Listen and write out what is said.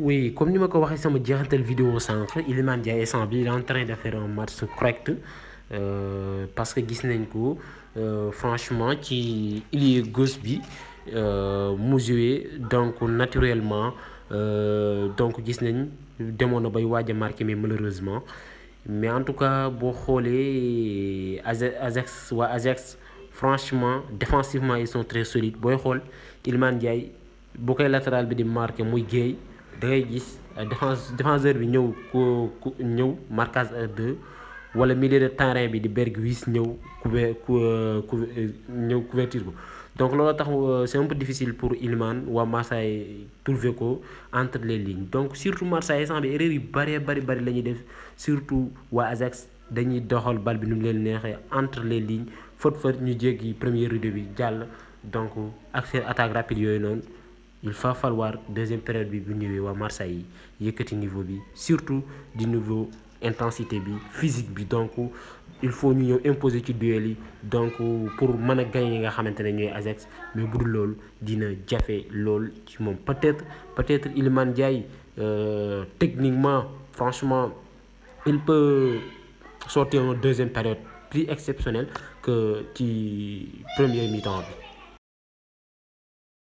oui comme je ma ko dans sama vidéo au centre, il est en train de faire un match correct euh, parce que gis euh, franchement qui il est bi euh, donc naturellement euh, donc gis nañ a marqué mais malheureusement mais en tout cas boo xoolee Ajax Ajax franchement défensivement ils sont très solides il est en train de latéral bi di marqué gis euh, défense défenseur bi marquage deux wala milieu de terrain bi di couverture donc c'est un peu difficile pour Ilman wa Marseille trouver ko entre les lignes donc surtout Marseille sans bi surtout wa Ajax dañuy doxal bal bi entre les lignes fët fët ñu premier rideau bi jàll donc euh, accès attaque rapide il va falloir deuxième période bi bu ñëwee waa Marseille yi yëkkati niveau bi surtout du niveau intensité bi physique bi donc il faut ñu ñëw imposer ci duel yi donc pour mën a gagner nga xamante ne Ajax mais bu dul loolu dina jafe lool ci moom peut-être peut-être jaay euh, techniquement franchement il peut sortir en deuxième période plus exceptionnelle que ci première mi-temps bi.